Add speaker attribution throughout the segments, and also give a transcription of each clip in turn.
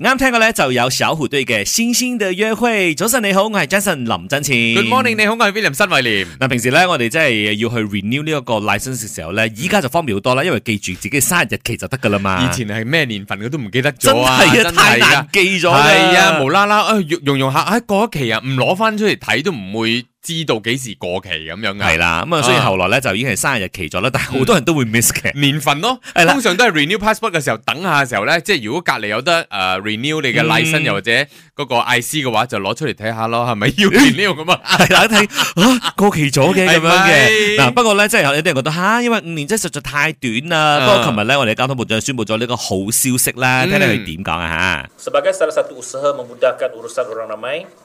Speaker 1: 啱聽過咧，就有小虎隊嘅《星星的約會》。早晨你好，我係 Jason 林振前。Good morning，
Speaker 2: 你好，我係 William 新偉廉。
Speaker 1: 嗱，平時咧我哋即係要去 renew 呢一個 license 嘅時候咧，而家就
Speaker 2: 方便好多啦，因為記住自己生日日期就得噶啦嘛。以前係咩年份我都唔記得咗啊，太難記咗，啊，係啊，無啦啦啊，用、哎、用下，哎，過一期啊，唔攞翻出嚟睇都唔會。知道幾時過期咁樣嘅係啦，咁啊，所以後來咧就已經係生日日期咗啦，但係好多人都會 miss 嘅年份咯，係啦，通常都係 renew passport 嘅時候，等下嘅時候咧，即係如果隔離有得誒 renew 你嘅 license 又或者嗰個 IC 嘅話，就攞出嚟睇下咯，係咪要 renew 嘅嘛？係
Speaker 1: 睇一睇嚇過期咗嘅咁樣嘅嗱，不過咧即係有啲人覺得嚇，因為五年真係實在太短啦。不過琴日咧，我哋交通部長宣佈咗呢個好消息啦，睇睇佢點講啊嚇。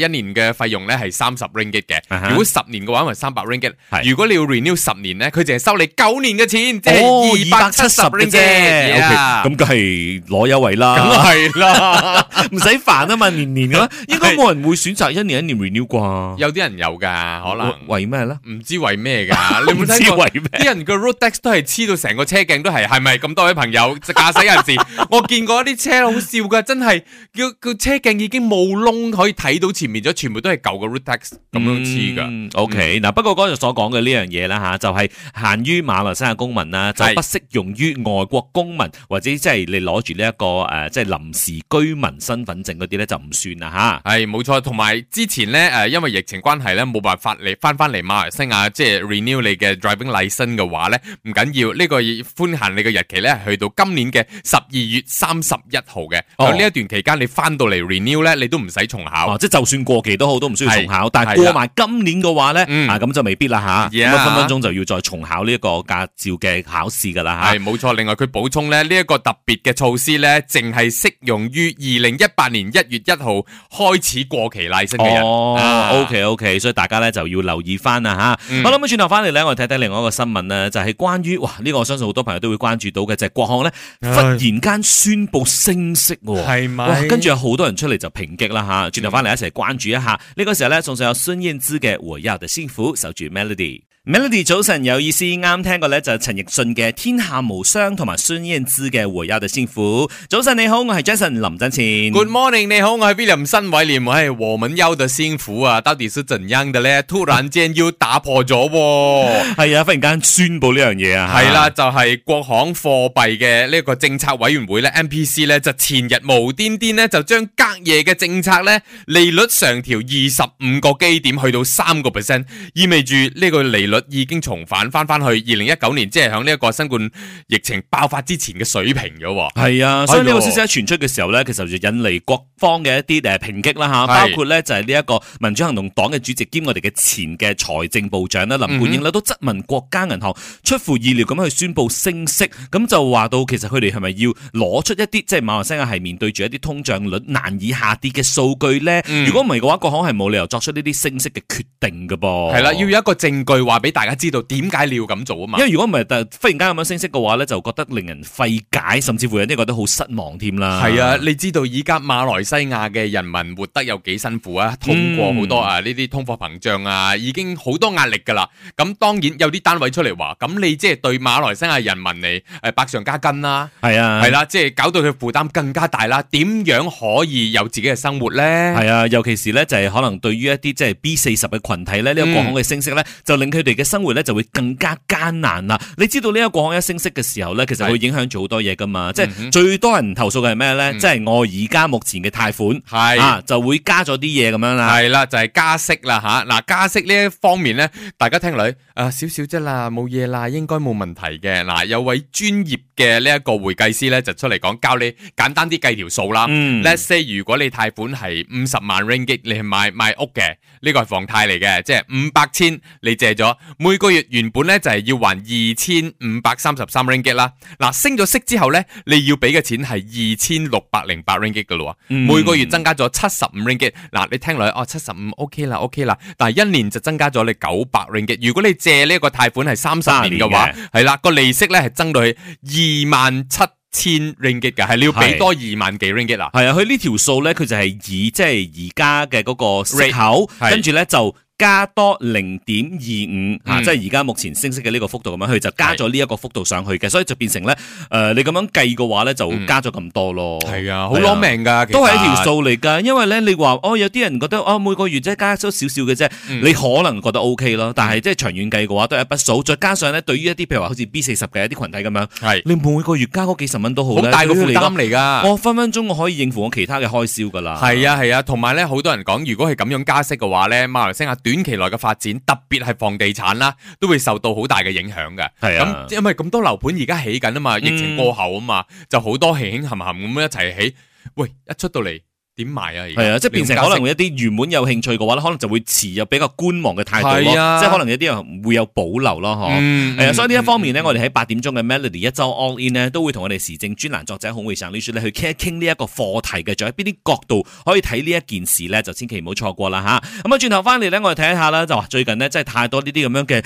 Speaker 2: 一年嘅費用咧係三十 ringgit 嘅，如果十年嘅話係三百 ringgit。如果你要 renew 十年咧，佢淨係收你九年嘅錢，即係二百七十 ringgit。咁
Speaker 1: 梗係攞優惠啦，梗係
Speaker 2: 啦，唔
Speaker 1: 使煩啊嘛，年年啦，應該冇人會選擇一年一年 renew 啩。
Speaker 2: 有啲人有㗎，可能為咩咧？唔知為咩㗎，你唔知為咩？啲人個 roadtax 都係黐到成個車鏡都係，係咪？咁多位朋友就駕駛人士？我見過啲車好笑㗎，真係叫個車鏡已經冇窿可以睇到。前面咗全部都係舊嘅 road tax 咁樣黐噶
Speaker 1: ，OK 嗱、嗯。不過嗰日所講嘅呢樣嘢啦吓，就係、是、限於馬來西亞公民啦，就不適用於外國公民或者即係你攞住呢一個誒即係臨時居民身份證
Speaker 2: 嗰啲咧就唔算啦吓。係冇錯，同埋之前咧誒，因為疫情關係咧冇辦法嚟翻翻嚟馬來西亞即係、就是、renew 你嘅 driving license 嘅話咧，唔緊要，呢、這個寬限你嘅日期咧去到今年嘅十二月三十一號嘅。喺呢、哦、一段期間你翻到嚟 renew 咧，你都唔使重考，
Speaker 1: 哦、即就。算過期都好，都唔需要重考。是但係過埋
Speaker 2: 今年嘅話呢，嗯、啊咁就未必啦嚇，Yeah. 分分鐘就要再重考呢一個駕照嘅考試噶啦嚇。係、啊、冇錯。另外佢補充咧，呢、這、一個特別嘅措施呢，淨係適用於二零一八年一月一號開始過期賴薪嘅人。哦、啊、，OK
Speaker 1: OK，所以大家呢就要留意翻啦吓，好、啊、啦，咁轉頭翻嚟呢，啊、我哋睇睇另外一個新聞呢，就係、是、關於哇呢、這個我相信好多朋友都會關注到嘅，就係、是、國航呢忽然間宣布升息喎。係咪？跟住有好多人出嚟就抨擊啦吓，轉頭翻嚟一齊、嗯。關注一下，那個、呢個時候咧送上有孫燕姿嘅《我要的幸福》手，守住 Melody。Melody 早晨有意思，啱聽過咧就陳奕迅嘅《天下無
Speaker 2: 雙》同埋孫燕姿嘅《我要的幸福》。早晨你好，我係 Jason 林振前。Good morning，你好，我係 William 新偉廉。喂、哎，我要的幸福啊，到底是怎樣的咧？突然間要打破咗、啊，係 啊，忽然間宣布呢樣嘢啊，係啦、啊啊，就係、是、國行貨幣嘅呢一個政策委員會咧，MPC 咧就前日無端端咧就將隔夜嘅政策咧利率上調二十五個基點，去到三個 percent，意味住呢個利率。已經重返翻翻去二零一九年，即係響呢一個新冠疫情爆發之前嘅水平㗎喎。係啊，所以呢個消息一
Speaker 1: 傳出嘅時候咧，其實就引嚟各方嘅一啲誒抨擊啦吓，包括咧就係呢一個民主行動黨嘅主席兼我哋嘅前嘅財政部長啦林冠英咧，都質問國家銀行出乎意料咁去宣佈升息，咁就話到其實佢哋係咪要攞出一啲即係馬來西亞係面對住一啲通脹率難以下跌嘅數據咧？如果唔係嘅話，國行係冇理由作出呢啲升息嘅決定嘅噃。係啦，
Speaker 2: 要有一個證據話。俾大家知道點解你要咁做啊嘛？因為如果唔係突然間咁樣升息嘅話咧，就覺得令人費解，甚至乎有啲覺得好失望添啦。係啊，你知道而家馬來西亞嘅人民活得有幾辛苦啊？通過好多啊呢啲通貨膨脹啊，已經好多壓力㗎啦。咁當然有啲單位出嚟話，咁你即係對馬來西亞人民嚟誒百上加斤啦。
Speaker 1: 係啊，係啦，
Speaker 2: 即係搞到佢負擔更加大啦。點樣可以有自己嘅生活咧？係啊，
Speaker 1: 尤其是咧就係可
Speaker 2: 能對於一啲即係 B 四十嘅羣體咧，呢個過高嘅
Speaker 1: 升息咧，就令佢哋。你嘅生活咧就會更加艱難啦。你知道呢一個行一升息嘅時候咧，其實會影響咗好多嘢噶嘛。即係最多人投訴嘅係咩咧？即係我而家目前嘅貸款
Speaker 2: 係啊，就會加咗啲嘢咁樣啦。係啦，就係、是、加息啦嚇。嗱、啊，加息呢一方面咧，大家聽落啊，少少啫啦，冇嘢啦，應該冇問題嘅。嗱、啊，有位專業嘅呢一個會計師咧，就出嚟講教你簡單啲計條數啦。嗯、Let’s say 如果你貸款係五十萬 ringgit，你係買買屋嘅，呢、這個係房貸嚟嘅，即係五百千你借咗。每個月原本咧就係要還二千五百三十三 ringgit 啦，嗱，升咗息之後咧，你要俾嘅錢係二千六百零八 ringgit 噶啦，嗯、每個月增加咗七十五 ringgit。嗱，你聽落去哦，七十五 OK 啦，OK 啦，但係一年就增加咗你九百 ringgit。如果你借呢個貸款係三十年嘅話，係啦，個利息咧係增到去二萬七千 ringgit 嘅，係你要俾多二萬幾 ringgit 啦。係啊，佢呢條數咧，佢就係以即係而家嘅嗰個息口，的跟住咧就。加多零
Speaker 1: 點二五，即係而家目前升息嘅呢個幅度咁樣，佢就加咗呢一個幅度上去嘅，所以就變成咧，誒、呃，你咁樣計嘅話咧，就加咗咁多咯。係、嗯、啊，好攞命㗎，啊、其實 都係一條數嚟㗎。因為咧，你話哦，有啲人覺得哦，每個月即係加咗少少嘅啫，嗯、你可能覺得 O、OK、K 咯。但係即係長遠計嘅話，都係一筆數。再加上咧，對於一啲譬如話好似 B 四十嘅一啲群體咁樣，係是你每個月加嗰幾十蚊都好大嘅負擔嚟㗎。我
Speaker 2: 分分鐘我可以應付我其他嘅開銷㗎啦。係啊係啊，同埋咧，好、啊、多人講，如果係咁樣加息嘅話咧，馬來西亞短期內嘅發展，特別係房地產啦，都會受到好大嘅影響嘅。係啊、嗯，咁因為咁多樓盤而家起緊啊嘛，疫情過後啊嘛，就好多興興含含咁樣一齊起，起。喂，一出到嚟。點賣啊？係啊，即係變成可能一
Speaker 1: 啲原本有興趣嘅話咧，可能就會持有比較觀望嘅態度咯。是啊、即係可能有啲人會有保留咯，嗬、嗯。係啊、嗯。所以呢一方面呢，嗯、我哋喺八點鐘嘅 Melody 一周 On In 呢，都會同我哋時政專欄作者孔偉常女士咧去傾一傾呢一個課題嘅，仲有邊啲角度可以睇呢一件事呢？就千祈唔好錯過啦吓。咁啊，轉頭翻嚟呢，我哋睇下啦，就話最近呢，真係太多呢啲咁樣嘅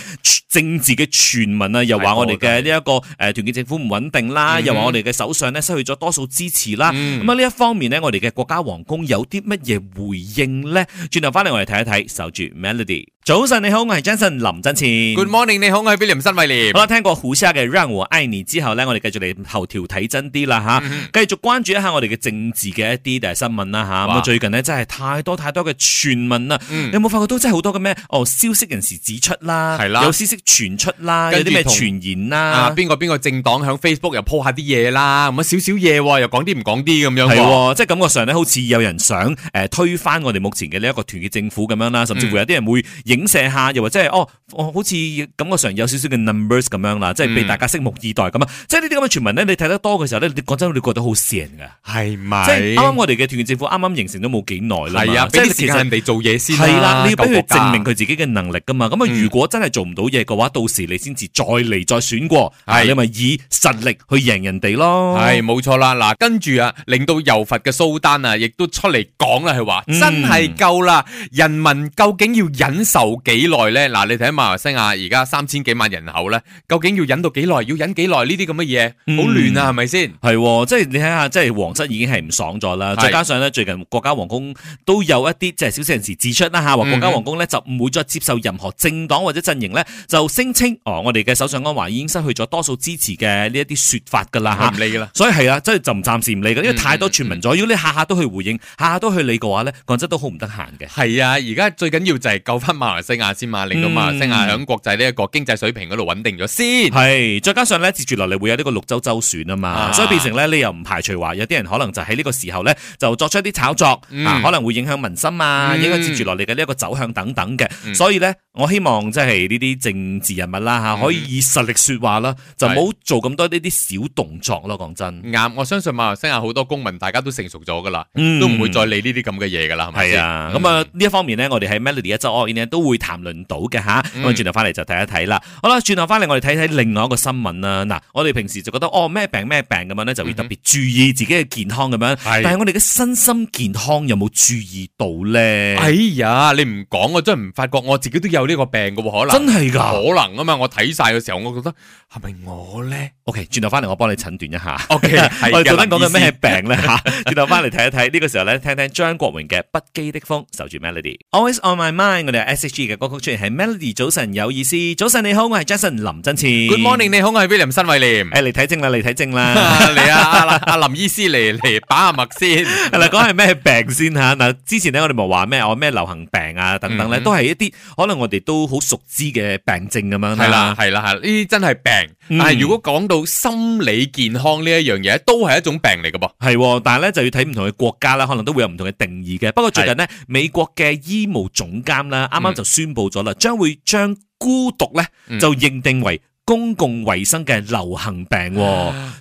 Speaker 1: 政治嘅傳聞啦，又話我哋嘅呢一個誒團結政府唔穩定啦，又話我哋嘅首相咧失去咗多數支持啦。咁啊呢一方面呢，我哋嘅國家王。共有啲乜嘢回應咧？轉頭翻嚟，我哋睇一睇守住 Melody。早晨你好，我係 Jason 林振前。Good
Speaker 2: morning，你好，我係 William 新威廉。
Speaker 1: 好啦，聽過胡莎嘅讓我愛你之後呢，我哋繼續嚟頭條睇真啲啦吓，繼、嗯、哼續關注一下我哋嘅政治嘅一啲新聞啦吓。咁哇最近呢真係太多太多嘅傳聞啦。嗯、你有冇發覺到？真係好多嘅咩？哦，消息人士
Speaker 2: 指出啦，嗯、有消息傳出啦，跟跟有啲咩傳言啦？邊、啊、個邊個政黨響 Facebook 又 po 下啲嘢啦？咁少少嘢又講啲唔講啲咁樣、啊，係即
Speaker 1: 係感覺上咧，好似有人想誒推翻我哋目前嘅呢一個團結政府咁樣啦，甚至乎有啲人會、嗯。嗯影射下，又或者係哦，哦，好似感覺上有少少嘅 numbers 咁樣啦，即係俾大家拭目以待咁啊！即係呢啲咁嘅傳聞咧，你睇得多嘅時候咧，你講真，你覺得好邪嘅，
Speaker 2: 係咪？即係啱啱
Speaker 1: 我哋嘅團結政府啱啱形成都冇幾耐啦，係啊！即係俾啲時間其實人哋做嘢先係啦，你要俾佢證明佢自己嘅能力噶嘛。咁啊，
Speaker 2: 如果真係做唔到嘢嘅話，到時你先至再嚟再選過，係你咪以實力去贏人哋咯。係冇錯啦。嗱，跟住啊，令到柔佛嘅蘇丹啊，亦都出嚟講啦，佢話真係夠啦，人民究竟要忍受？冇幾耐咧？嗱，你睇馬來西亞而家三千幾萬人口咧，究竟要忍到幾耐？要忍幾耐呢啲咁嘅嘢？好亂啊，係咪先？係，即係你睇下，即係皇室已經係唔爽咗啦。再加上咧，最近國
Speaker 1: 家皇宮都有一啲即係消息人士指出啦，吓話國家皇宮咧就唔會再接受任何政黨或者陣營咧，就聲稱哦，我哋嘅首相安華已經失去咗多數支持嘅呢一啲說法噶啦吓，唔理噶啦。所以係啦，即係就唔暫時唔理噶，因為太多傳聞咗。如果你下下都去回應，下下都
Speaker 2: 去理嘅話咧，講真都好唔得閒嘅。係啊，而家最緊要就係救翻馬。馬來西亞先嘛，令到馬來西亞喺國際呢一個經濟水平嗰度穩定咗先，係再加上咧接住落嚟會有呢個六州
Speaker 1: 州選啊嘛，所以變成咧你又唔排除話有啲人可能就喺呢個時候咧就作出一啲炒作，可能會影響民心啊，影響接住落嚟嘅呢一個走向等等嘅，所以咧我希望即係呢啲政治人物啦嚇可以以實力説話啦，就唔好做咁多呢啲小動作咯，講真。
Speaker 2: 啱，我相信馬來西亞好多公民大家都成熟咗噶啦，都唔會再理呢啲咁嘅嘢噶啦，係啊，咁啊呢一方面咧，我哋喺 Melody 一週會談論到嘅，吓，
Speaker 1: 咁啊轉頭翻嚟就睇一睇啦。好啦，轉頭翻嚟我哋睇睇另外一個新聞啦。嗱，我哋平時就覺得哦
Speaker 2: 咩病咩病咁樣咧，就會特別注意自己嘅健康咁樣。但係
Speaker 1: 我哋嘅身心健康有冇注意到咧？
Speaker 2: 哎呀，你唔講我真係唔發覺，我自己都有呢個病嘅可能。真係噶，可能啊嘛，我睇晒嘅時候，我覺得係咪我咧？OK，轉頭翻嚟我
Speaker 1: 幫你診斷一下。OK，我哋陣間講到咩病咧？吓，轉頭翻嚟睇一睇呢個時候咧，聽聽張國榮嘅不羈的風，守住 Melody，Always on my mind。我哋嘅歌曲出現全係 Melody。早晨有意思，早晨你好，我係 Jason 林振前。Good morning，
Speaker 2: 你好，我係 William 申慧廉。誒，嚟睇症啦，嚟睇症啦，嚟啦阿林醫師嚟嚟把下脈先，係啦講係
Speaker 1: 咩病先吓？嗱， 之前咧我哋咪話咩我咩流行病啊等等咧，mm hmm. 都係一啲可能我哋都好熟
Speaker 2: 知嘅病症咁樣。係啦係啦係，呢啲真係病。但係、嗯、如果講到心理健康呢一樣嘢，都係一種病嚟㗎噃，係，但係咧就要睇唔同嘅國家啦，可能都會有唔同嘅
Speaker 1: 定義嘅。不過最近呢，美國嘅醫務總監啦，啱啱就宣布咗啦，將會將孤獨咧就認定為公共衛生嘅流行病，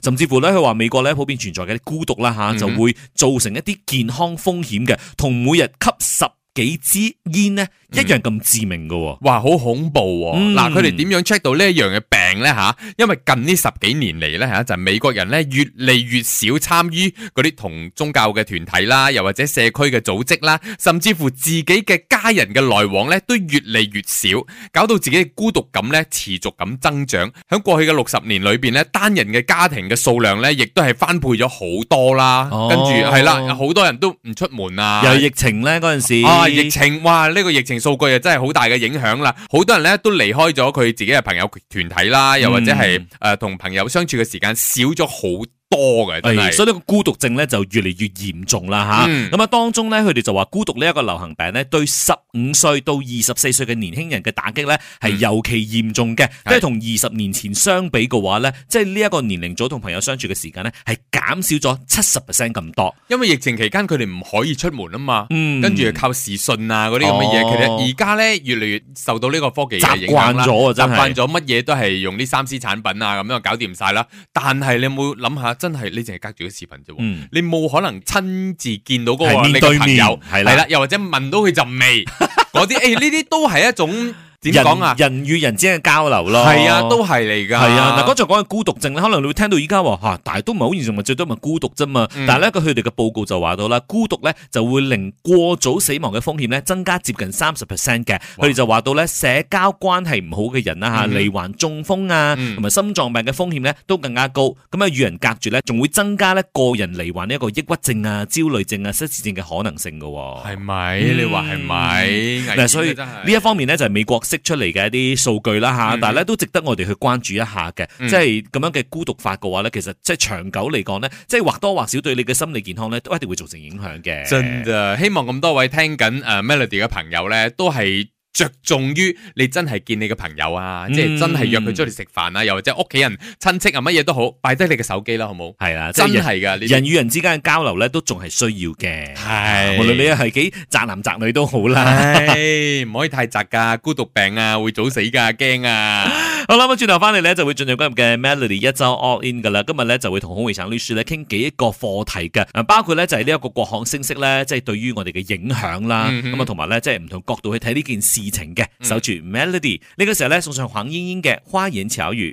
Speaker 1: 甚至乎咧佢話美國咧普遍存在嘅孤獨啦吓，就會造成一啲健康風險
Speaker 2: 嘅，同每日吸十。幾支煙咧，一樣咁致命噶。哦，哇，好恐怖！哦！嗱、嗯，佢哋點樣 check 到呢一樣嘅病呢？吓，因為近呢十幾年嚟咧，就係，美國人呢越嚟越少參與嗰啲同宗教嘅團體啦，又或者社區嘅組織啦，甚至乎自己嘅家人嘅來往呢都越嚟越少，搞到自己嘅孤獨感呢持續咁增長。喺過去嘅六十年裏邊呢，單人嘅家庭嘅數量呢亦都係翻倍咗好多啦。哦，跟住係啦，好多人都唔出門啊，又係疫情呢，嗰陣時。啊、疫情哇，呢個疫情數據啊真係好大嘅影響啦，好多人咧都離開咗佢自己嘅朋友團體啦，又或者係誒同朋友相處嘅時間少咗好多嘅，所以呢
Speaker 1: 個孤獨症咧就越嚟越嚴重啦吓。咁啊，當中咧佢哋就話孤獨呢一個流行病咧，對十五歲到二十四歲嘅年輕人嘅打擊咧係尤其嚴重嘅。即係同二十年前相比嘅話咧，即係呢一個年齡組同
Speaker 2: 朋友相處嘅時間咧係減少咗七十 percent 咁多。因為疫情期間佢哋唔可以出門嘛、嗯、啊嘛，跟住靠時信啊嗰啲咁嘅嘢。其實而家咧越嚟越受到呢個科技嘅影響啦，習慣咗啊真係，習慣咗乜嘢都係用啲三 C 產品啊咁樣搞掂晒啦。但係你有冇諗下？真係你淨係隔住個視頻啫喎，嗯、你冇可能親自見到嗰、嗰個面對面你朋友，係啦了，的又或者聞到佢陣味嗰啲，誒呢啲都係一種。點講啊？人與人之間嘅交流，咯，係啊，都係嚟噶。係啊，嗱，剛才講嘅孤獨症咧，可能你會聽到而家
Speaker 1: 話吓，但係都唔係好嚴重，咪最多咪孤獨啫嘛。但係咧，佢哋嘅報告就話到啦，孤獨咧就會令過早死亡嘅風險咧增加接近三十 percent 嘅。佢哋就話到咧，社交關係唔好嘅人啊吓，罹患中風啊，同埋心臟病嘅風險咧都更加高。咁啊，與人隔絕咧，仲會增加咧個人罹患呢一個抑鬱症啊、焦慮症啊、失智症嘅可能性噶。係咪？你話係咪？嗱，所以呢一方面咧就係美國。釋出嚟嘅一啲數據啦，嚇， 嗯、但係咧都值得我哋去關注一下嘅。即係咁樣嘅孤獨法嘅話咧，其
Speaker 2: 實即係長久嚟講咧，即係或多或少對你嘅心理健康咧，都一定會造成影響嘅。真嘅，希望咁多位聽緊誒 Melody 嘅朋友咧，都係，着重於你真係見你嘅朋友啊，嗯、即係真係約佢出嚟食飯啊，又或者屋企人、親戚啊，乜嘢都好，擺低你嘅手機啦，好冇？係啦、啊，真係噶，人與人之間嘅交流咧，都仲係需要嘅。係是，無論你係
Speaker 1: 幾宅男宅女都好啦，
Speaker 2: 唔是 可以太宅噶，孤獨病啊，會
Speaker 1: 早死噶，驚啊！ 好啦，咁轉頭翻嚟咧就會進入今日嘅 Melody 一周 All In 噶啦。今日咧就會同孔會長呢書咧傾幾個課題嘅，包括咧就係呢一個國際形勢咧，即係對於我哋嘅影響啦。咁啊，同埋咧即係唔同角度去睇呢件事情嘅。守住 Melody 呢個時候咧送上黃鶯鶯嘅花言巧語。